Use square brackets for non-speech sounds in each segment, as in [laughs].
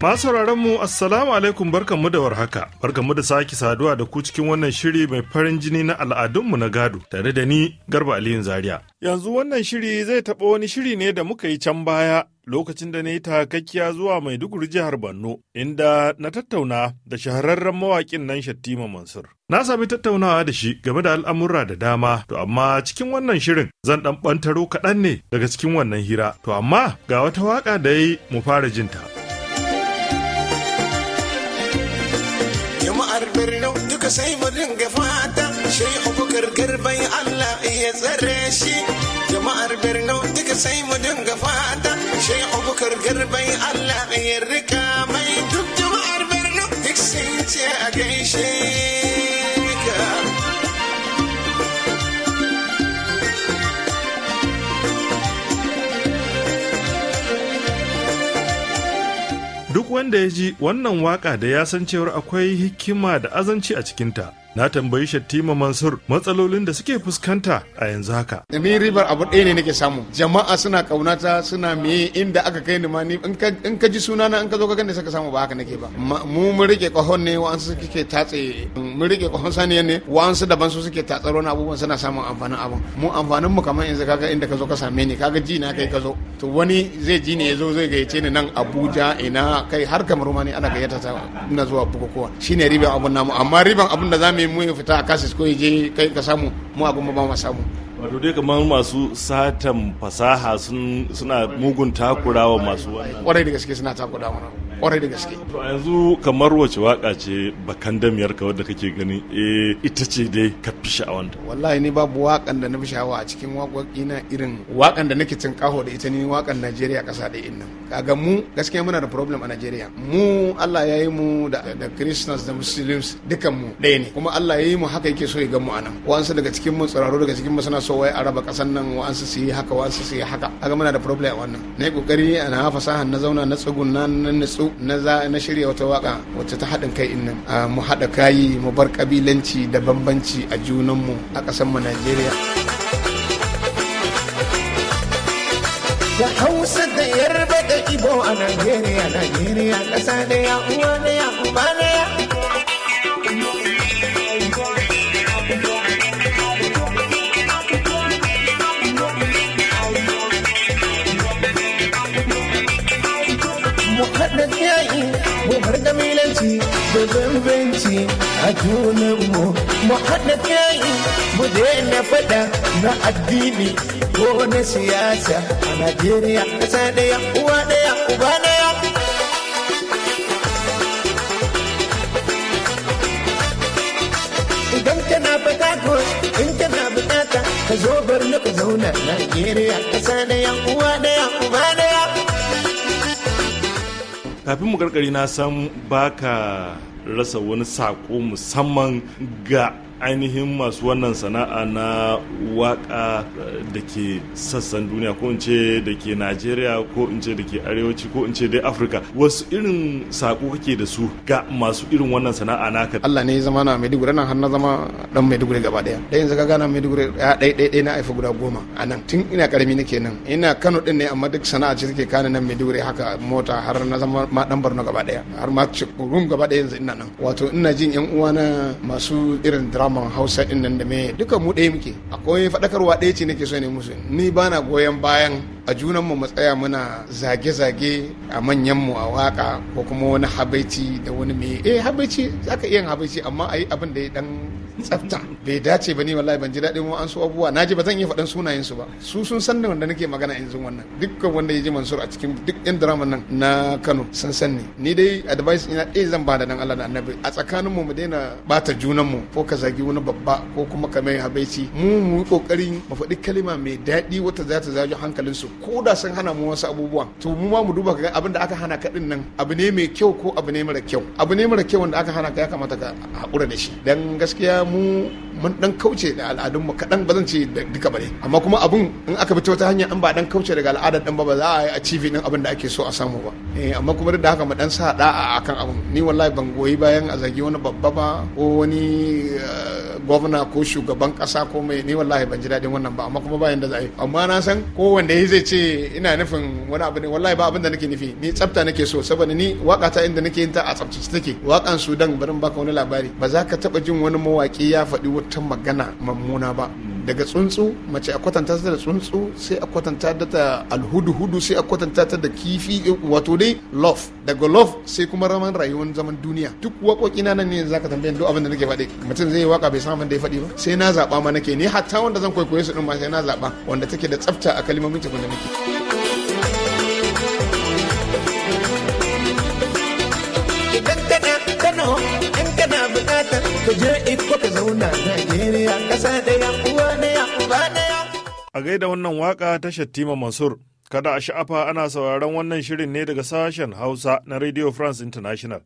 Masu mu Assalamu alaikum barkanmu da warhaka, barkanmu da sake saduwa da ku cikin wannan shiri mai farin jini na al'adunmu na gado tare da ni Garba aliyun Zariya. Yanzu wannan shiri zai taɓa wani shiri ne da muka yi can baya lokacin da na yi takakkiya zuwa Maiduguri jihar Borno, inda na tattauna da shahararren mawaƙin nan Shattima Mansur. Na sami tattaunawa da shi game da al'amura da dama, to amma cikin wannan shirin zan ɗan ɓantaro kaɗan ne daga cikin wannan hira, to amma ga wata waƙa da ya yi mu fara jinta. Jama'ar Borno duka sai mu dinga fata, shai abubakar bai Allah iya tsare shi. Jama'ar birnin duka sai mu dinga fata, Sai abubakar garbai allah ya rika mai duk jama'ar birni duk sai ce a gaishe ka Duk wanda ya ji wannan waka da ya san cewar akwai hikima da azanci a cikinta, na tambayi Shattima Mansur matsalolin da suke fuskanta a yanzu haka. ni ribar abu ɗaya ne nake samu. Jama'a suna ƙaunata suna meye inda aka kai ni ma ni in ka ji sunana in ka zo ka gane saka samu ba haka nake ba. Mu mun rike ƙahon ne wa'ansu suke tatse mun rike ƙahon saniya ne wa'ansu daban su suke tatsar wani abubuwan suna samun amfanin abun. Mu amfanin mu kamar yanzu kaga inda ka zo ka same ni kaga ji na kai ka zo. To wani zai ji ne ya zo zai gayyace ni nan Abuja ina kai har kamar ma ne ana gayyata ta ina zuwa bukukuwa. Shine ribar abun namu amma ribar abun da zamu mai mu ya fita a kasis ko je kai ka samu mu a goma ba samu wato dai kamar masu satan fasaha suna mugun takurawa masu wannan kwarai da gaske suna takurawa wannan kwarai da gaske to yanzu kamar wace waka ce bakan damiyar ka wadda kake gani eh ita ce dai ka fi sha'awanta wallahi ni babu wakan da na fi sha'awa a cikin waƙoƙi na irin wakan da nake cin kaho da ita ni wakan Najeriya kasa da innan kaga mu gaskiya muna da problem a Najeriya mu Allah ya yi mu da da Christians da Muslims dukan mu ɗaya ne kuma Allah ya yi mu haka yake so ya ga mu anan wa'ansu daga cikin mu tsiraro daga cikin mu suna so wai a raba nan wa'ansu su yi haka wa'ansu su yi haka kaga muna da problem a wannan na yi kokari na fasaha na zauna na tsuguna na za na shirya wata waka wacce ta haɗin kai in nan ah, mu haɗa kayi mu bar kabilanci da bambanci a junanmu a ƙasarmu najeriya da hausa da yarba da ibo a najeriya najeriya ƙasa da ya uwa da ya uba da ya da bambanci a junanmu mu haɗa kai mu daina faɗa na addini ko na siyasa a Najeriya ƙasa ɗaya uwa ɗaya uba ɗaya. Idan kana fata ko in kana bukata ka zo bar na ku zauna Najeriya ƙasa ɗaya uwa ɗaya uba ɗaya. Kafin mu gargari na san baka rasa wani saƙo musamman ga ainihin masu wannan sana'a na waka eh, da ke sassan duniya ko in ce da ke najeriya ko in ce da ke arewaci ko in ce dai afirka wasu irin sako kake da su ga masu irin wannan sana'a naka allah ne zama na maiduguri nan har na zama dan maiduguri gaba daya da yanzu ka gana maiduguri ya ɗai ɗai ɗai na aifa guda goma a nan tun ina karami nake nan ina kano din ne amma duk sana'a ce take kana nan maiduguri haka mota har na zama ma dan borno gaba daya har ma cikin gaba daya yanzu ina nan wato ina jin yan uwana masu irin drama maman hausa din nan da me duka mu ɗaya muke akwai faɗakarwa ɗaya ce nake so ne musu ni bana goyon bayan a junan mu matsaya muna zage-zage a manyan mu a waka ko kuma wani habaici da wani me eh habaici zaka iya habaici amma ayi abin da ya dan tsafta bai dace ba ni wallahi ban ji daɗin mu an su abubuwa ji ba zan iya faɗan sunayen su ba su sun san da wanda nake magana yanzu wannan dukkan wanda ya ji Mansur a cikin duk yan drama nan na Kano sun san ni ni dai advice ina ɗaya eh zan da nan Allah da Annabi a tsakanin mu mu daina bata junan mu ko ka zagi wani babba ko kuma ka mai habaici mu mu kokarin mu faɗi kalima mai daɗi wata za ta zaji hankalin su ko da sun hana mu wasu abubuwan to mu ma mu duba ka ga abin da aka hana ka din nan abu ne mai kyau ko abu ne mara kyau abu ne mara kyau wanda aka hana ka ya kamata ka haƙura da shi dan gaskiya mu mun dan kauce da al'adun mu kadan ba zan ce duka bane amma kuma abun in aka bi ta wata hanya an ba dan kauce daga al'adar dan ba ba za a yi achieve din abin da ake so a samu ba eh amma kuma duk da haka mu dan sa da'a akan abun ni wallahi ban goyi bayan a zagi wani babba ba ko wani eh, gwamna ko shugaban kasa ko mai ni wallahi ban ji daɗin wannan ba amma kuma bayan da za a yi amma na san ko wanda ya zai ce ina nufin wani abu ne wallahi ba abin da nake nufi ni tsafta nake so saboda ni waka ta inda nake yin ta a tsaftace take wakan sudan barin baka wani labari ba za ka taba jin wani mawaki baki ya faɗi wata magana mammuna ba daga tsuntsu mace a kwatanta ta da tsuntsu sai a kwatanta ta da alhudu-hudu sai a kwatanta ta da kifi wato dai love daga love sai kuma raman rayuwar zaman duniya duk waƙoƙi na nan ne zaka tambaye duk abin da nake faɗi mutum zai yi waka bai san da ya faɗi ba sai na zaɓa ma nake ne hatta wanda zan kwaikwaye su din ma sai na zaɓa wanda take da tsafta a kalmomin tukun da nake. Oh. ka je zauna Najeriya uwa A gaida wannan waka ta Shattima Mansur. Kada a sha'afa ana sauraron wannan shirin ne daga sashen Hausa na Radio France International.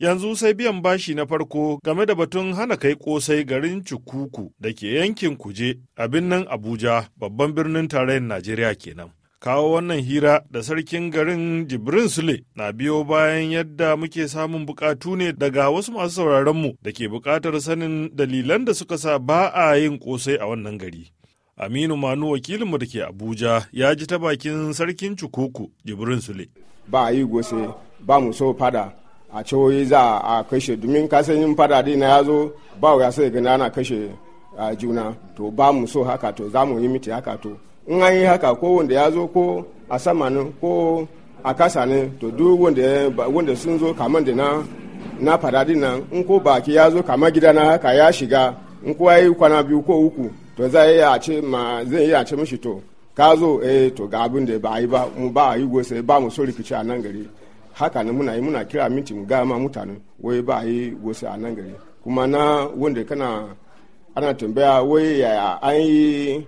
Yanzu sai biyan bashi na farko game da batun hana kai kosai garin Cukuku da ke yankin Kuje a birnin Abuja babban birnin tarayyar Najeriya kenan. kawo wannan hira da sarkin garin jibrin sule na biyo bayan yadda muke samun bukatu ne daga wasu masu sauraronmu da ke bukatar sanin dalilan da suka sa ba a yin kosai a wannan gari aminu manu wakilinmu da ke abuja ya ji ta bakin sarkin cukuku jibrin sule ba a yi gose ba mu so fada a cewoyi za a kashe domin kasanin fada dina ya zo ba ya sai gani ana kashe juna to ba mu so haka to za mu yi miti haka to in an yi haka ko wanda ya zo ko a samanin ko a kasa ne to duk wanda sun zo kaman da na na faradin nan in baki ya zo kama gida na haka ya shiga in kuwa yi kwana biyu ko uku to za a ce ma zai iya ce mishi to ka zo eh to ga abin da ba yi ba mu ba yi gose ba mu so rikici a nan gari haka ne muna yi muna kira minti mu ma mutane wai ba yi gose a nan gari kuma na wanda kana ana tambaya wai yaya an yi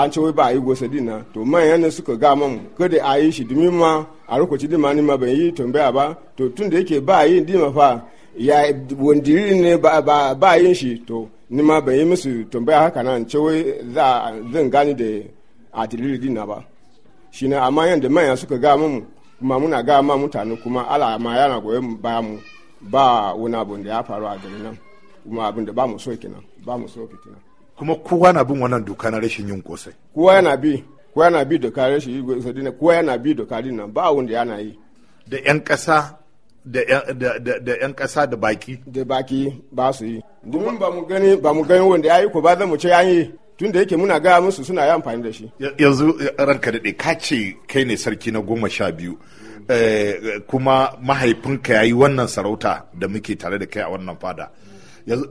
an ce wai ba a yi gosa dina to man yana suka ga mamu kada a yi shi domin ma a lokaci dima ni ma ban yi tambaya ba to tun da yake ba yi dima fa ya wandiri ne ba ba ba yin shi to ni ma ban yi musu tambaya haka nan ce wai za zan gani da a dalili dina ba shi ne amma yanda manyan suka ga mamu kuma muna ga ma mutane kuma ala ma yana goyon baya mu ba wani abu da ya faru a garin nan kuma abin da ba mu so kenan ba mu so fitina kuma kowa na bin wannan doka na rashin yin kosai kowa yana bi kowa yana bi doka rashin yin kosai kowa yana bi doka nan ba wanda yana yi da yan ƙasa da yan kasa da baki da baki ba su yi domin ba mu gani ba mu gani wanda yayi ko ba zan mu ce yayi yi tun da yake muna gaya musu suna yi amfani da shi yanzu ranka dade ka ce kai ne sarki na goma sha biyu eh, kuma mahaifinka ya yi wannan sarauta da muke tare da kai a wannan fada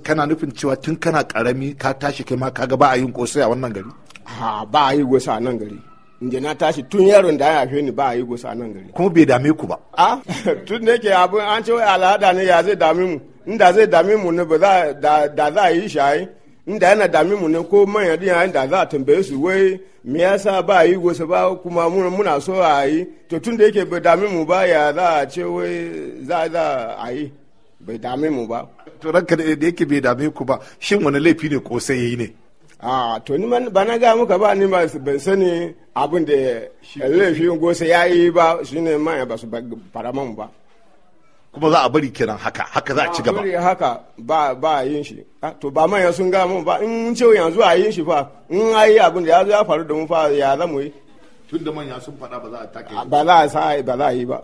kana nufin cewa tun kana karami ka tashi kai ma ga ba a yin kosai a wannan gari ha ba a yi gosa a nan gari inda na tashi tun yaron da ya haife ni ba a yi gosa a nan gari kuma bai dame ku ba a [laughs] tun da yake abin an ce wai al'ada ne ya zai dame mu inda zai dame mu ne ba za da za a yi shayi inda yana dame mu ne ko manyan din yayin da za a tambaye su wai me yasa ba a yi gosa ba kuma muna so a yi to tun da yake bai dame mu ba ya za a ce wai za a yi bai dame mu ba to ranka da yake bai dame ku ba shin wani laifi ne ko sai yayi ne a to ni ba na ga muka ba ni ba ban sani abin da laifin gose ya yi ba shine ma ba su fara man ba kuma za a bari kiran haka haka za a ci gaba bari haka ba ba yin shi to ba manya sun ga mun ba in ce yanzu a yin shi fa in ayi abin da ya ya faru da mu fa ya zamu yi tun da manya sun faɗa ba za a take ba za a sa ba za a yi ba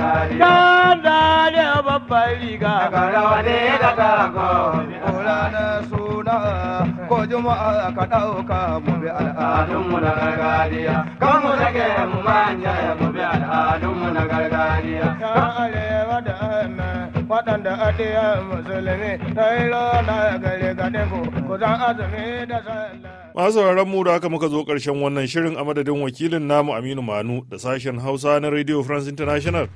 ka da da babbar riga ka rawa ne da tango ranar suna ko juma'a ka dauka. mu bi al'adunmu na gargajiya kan mu rage mu manya mu bi al'adunmu na gargajiya kan arewa da waɗanda a musulmi ta yi na gari Masu sauraron mu da aka muka zo ƙarshen wannan shirin a madadin wakilin namu Aminu Manu da sashen Hausa na Radio France International.